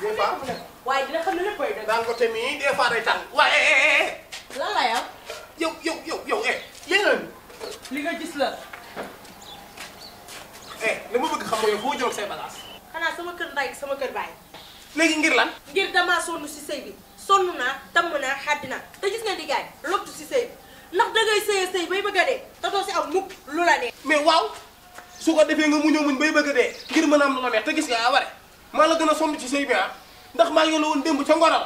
des fois waaye dina xam ne léppay dëgg. daan ko te mii des fois day tàng waaye. lan eh yéen li nga eh li ma bëgg xam mooy foo jël say bagages. xanaa sama kër ndey sama kër baay. léegi si sëy bi sonn naa tamm naa xàddi naa te gis si sëy bi ndax dangay si am mukk lu la dee. mais waaw su ko defee nga muñoo muñ bay bëgg a dee ngir mën a am lu la neex te maa la gën a sonn ci sëy bi ah ndax maa ngi la woon démb ca ngoram.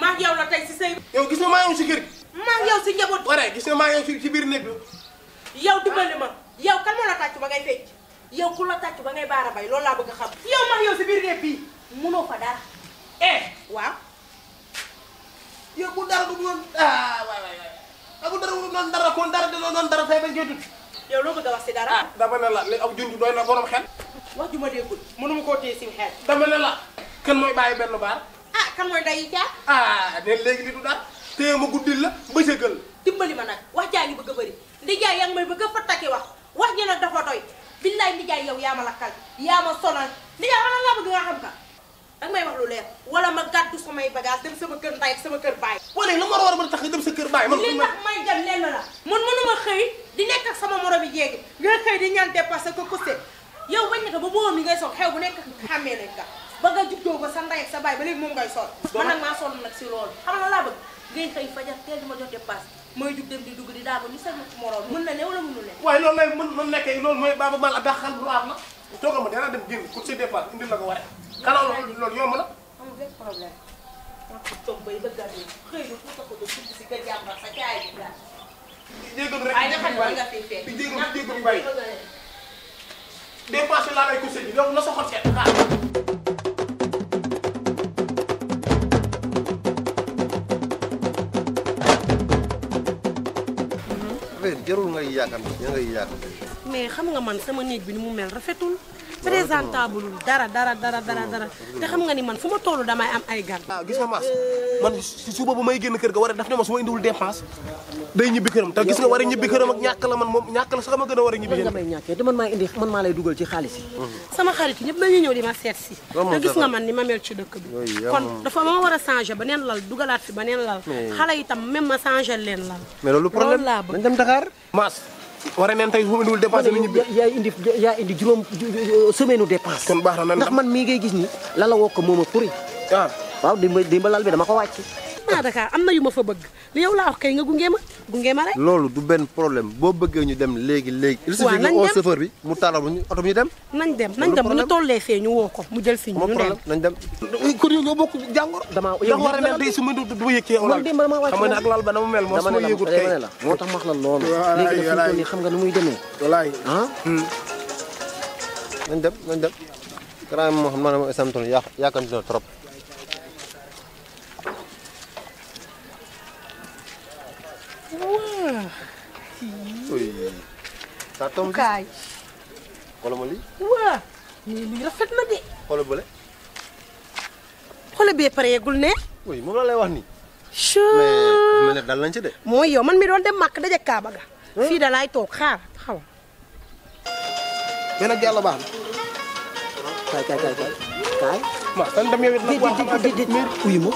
maa yow la tey si sëy bi. gis nga maa yow si kër gi. maa yow si njaboot. waree gis nga maa yow si biir néeg bi. yow dimbali ma yow kan moo la tàcc ba ngay fecc yow ku la tàcc ba ngay baara loolu laa bëgg a xam. yow maa yow si biir néeg bii munoo fa dara. eh waaw. yow bu dara du doon ah waay waay waay dara du doon dara kon dara da doon dara tey ba jotut. yow loo bëgg a wax si dara. Ah. dama ne la li aw junj doy na borom xel. wax ju ma déggul mënuma koo téye si xel. Kan ah kan mooy dayu caa. ah ne léegi li du daal téye ma guddil la bëccëgal. dimbali ma nag wax jaa ngi bëgg a bëri ndijaay yaa ngi may bëgg a fattaki wax wax ji nag dafa doy billaay ndijaay yow yaa ma lakkal yaa ma sonal ndijaay xam nga laa bëgg nga xam ka da may wax lu leer wala ma gàddu samay bagage dem sama kër ndaay sama kër baay. di nekk ak sama moroom yi jéegi ngay xëy di ñaan dépassé ko kose yow bañ naka ba boobu mi ngay sol xew bu nekk xàmmee nañ ba nga juddoo ba sa ndey sa baay ba léegi moom ngay sol man nag maa sol nag si loolu xam na laa bëgg ngay xëy fajar teel di ma jox dépassé mooy jug dem di dugg di daago ni sa moroom mën na ne wala mënul ne waaye loolu lay mën mën nekkee loolu mooy baaba mal a daxal bu aar na tooga ma dara dem génn la jéegoon rek. waaye mm-hmm. xam nga fi fekk di jéegoon sa xol seet xaar. man sama néeg bi ni mu mel rafetul présentable dara dara dara dara dara te xam nga ni man fu ma toll damay am ay gan. waaw ah, gis nga maas man suba ba may génn kër ga war a daf ne ma su ma indiwul dépense day ñàkk la man moom ñàkk la sax ma gën a a ñibbi nga may ñàkkee te maa lay dugal ci xaalis yi mhm. sama xarit yi ñëpp dañuy ñëw di ma seet si te gis nga man ni ma mel ci dëkk bi kon dafa ma war a changé ba neen lal dugalaat fi ba neen lal xale itam même ma changé leen lal mais loolu problème laa bëgg Dakar maas wara neen tey bu dul dépense bi ñibbi yaa indi juróom semaine u dépense kon baax na ndax man mii ngay gis ni la la wokk moom a turi ah. waaw waaw dimbalal bi dama ko wàcc bëgg naa am na yu ma fa bëgg li yow laa wax kay nga gunge ma gunge ma rek. loolu du benn problème boo bëggee ñu dem léegi léegi. il suffit nga woo bi mu taalal ñu oto bi dem. nañ dem nañ dem bu ñu tollee fee ñu woo ko mu jël si ñu. ñu dem nañ dem. kon yow yow bokk jàngoro. damaa yow war ma du ma yëg cee olal xam naa ne ak lal ba na mu moo su ma yëgut tey la moo tax ma wax la loolu. léegi xam nga nu muy demee. walaay ah. nañ dem nañ dem. grand moo xam maanaam isamtoon yàqante na trop saa tom kaay xoolal ma lii. waa lii lii rafet na de. xoolal bële. xoolal bee pareegul ne. oui moom mooy yow man mi doon dem màkk daje Kaaba ga. fii da toog xaar xaw ma. mais nag yàlla yow it nag waa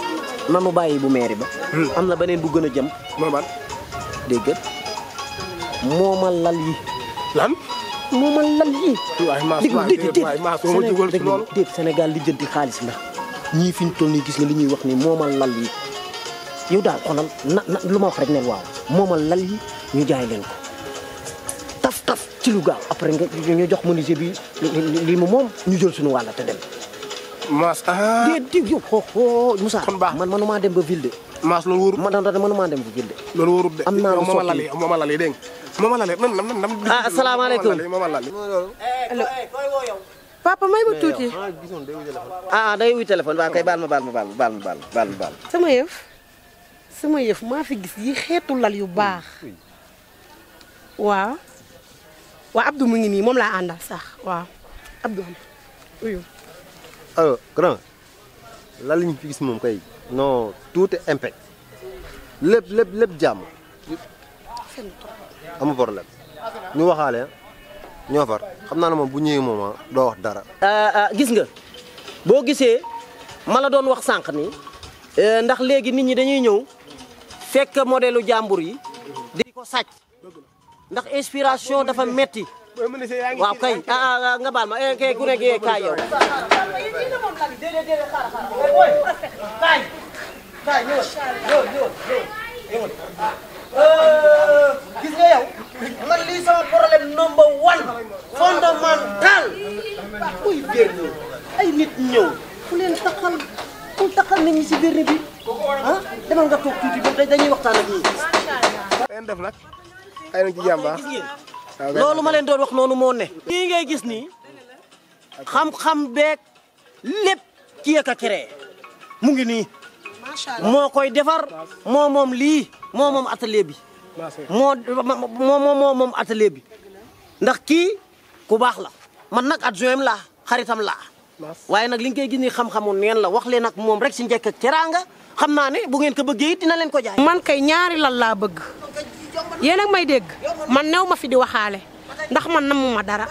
ma. nanu bàyyi bu meeri ba. Hmm. am na beneen bu gën a jëm. dégg nga moomal lal yi. lan moo man lan yii déglu déglu déglu déet Sénégal li jënti xaalis ndax Mama fi ñu toll nii gis nga li ñuy wax ni moomal lal yi yow daal xolal na wax rek neen waaw moomal lal yi ñu jaay leen ko taf taf ci lu gaaw après nga ñu jox menuisier bi li mu moom ñu jël suñu wàll te dem mas ah déet diw yow xoo xoo Moussa kon baax man manuma dem ba ville de mas loolu wóorut man manuma dem ba ville de loolu mama de am mama lu sotti yi mooma lal yi dégg Mama Lale man man man. ah asalaamaaleykum Mama Lale eh, eh, papa may ma tuuti. Ah, ah day wuy téléphone waaw kay baal ma baal ma baal ma baal ma baal ma baal sama yëf sama yëf maa fi gis yi xeetu lal yu baax waaw waaw Abdou mu ngi nii moom laa àndal sax waaw Abdou am uyu alors grand lal yi fi gis moom kay non tuuti est impeccable lépp lépp lépp amu problème ñu waxaale ñoo far xam naa ne moom bu ñëwee moom ah, doo wax dara. Euh, euh, gis nga boo gisee ma la doon wax sànq ni euh, ndax léegi nit ñi dañuy ñëw fekk modèle jàmbur yi di ko sàcc ndax inspiration dafa metti waaw kay ah, ah, nga baal ma eh, kay ku nekk yee kaay demal waxtaan ak ñii. leen def ah. ah, loolu ma leen doon wax noonu moo ne. lii ngay gis nii xam-xam beek lépp kii ak a mu ngi nii. moo koy defar moo moom lii moo moom atelier bi. moo moo moo moom ndax kii ku baax la man nag adjoint laa xaritam laa. waaye nag li nga koy gis nii xam-xamu neen la wax leen ak moom rek si njëkk ak teraanga xamnaane bu ngeen ko bëggee dina leen ko jaay. man kay ñaari lal laa bëgg yéen ak may dégg man new ma fi di waxaale ndax man namu ma dara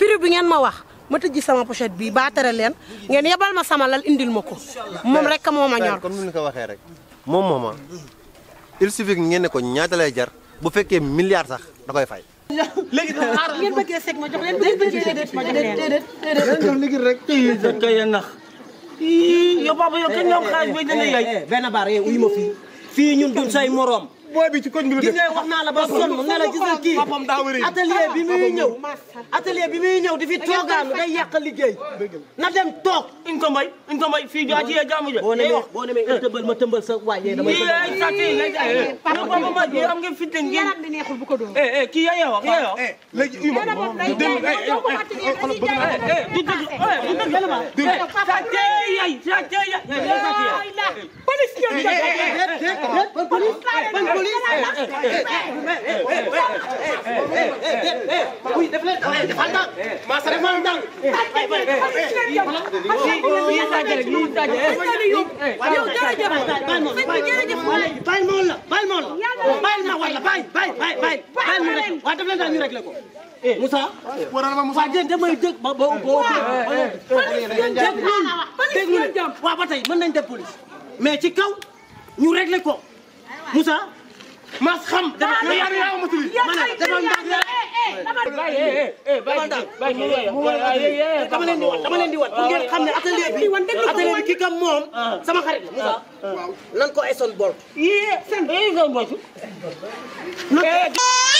prix bi ngeen ma wax ma tëjji sama pochette bi ba tere leen ngeen yebal ma sama lal indil ma ko moom rek moo ma ñor. comme ni ko waxee rek moom moma il suffit ngeen ne ko ñaata lay jar bu fekkee milliard sax da koy fay. ngeen bëggee sek ma jox leen bëggee sek ma jox leen déedéet déedéet ngeen jox rek. kii yi kay nax. yow papa yow kenn ñoom xaaj bay dana yaay benn baar yow eh, uyu ma fii fii ñun duñ say moroom boy bi ci koñ bi la def wax la ba la atelier bi muy ñëw atelier bi muy ñëw di fi day yàq liggéey na dem toog uñ ko mbay uñ ko mbay fii jaa ci yee jaamu je boo demee boo demee tëmbal ma tëmbal sa waay yee damay kii am ngeen fitte ngeen yaram bi neexul bu ko doon eh eh kii yaayoo yaayoo léegi uma dem eh eh xolop bëgg eh du dëgg eh du dëgg la ma sa tey police sa tey yaay police police police def leen defal ndànk maa sa defal ndànk bàyyi moon la bàyyi moon la bàyyi ma wala bàyyi bàyyi bàyyi bàyyi mu rek waa def leen daal ñu réglé ko Moussa waral ma Moussa Dieng damay dégg ba ba bo déglu waa ba tey mën nañ def police mais ci kaw ñu réglé ko Moussa maa xam. dafa xam yàlla yàlla ma tëddee. dafa dama leen di wan dama leen di wan pour ngeen xam ne atelier bi atelier bi kii kam moom ah. sama xarit la. Ah. Ah. waaw nan ko Eson Bolt. yéen seen. Eh,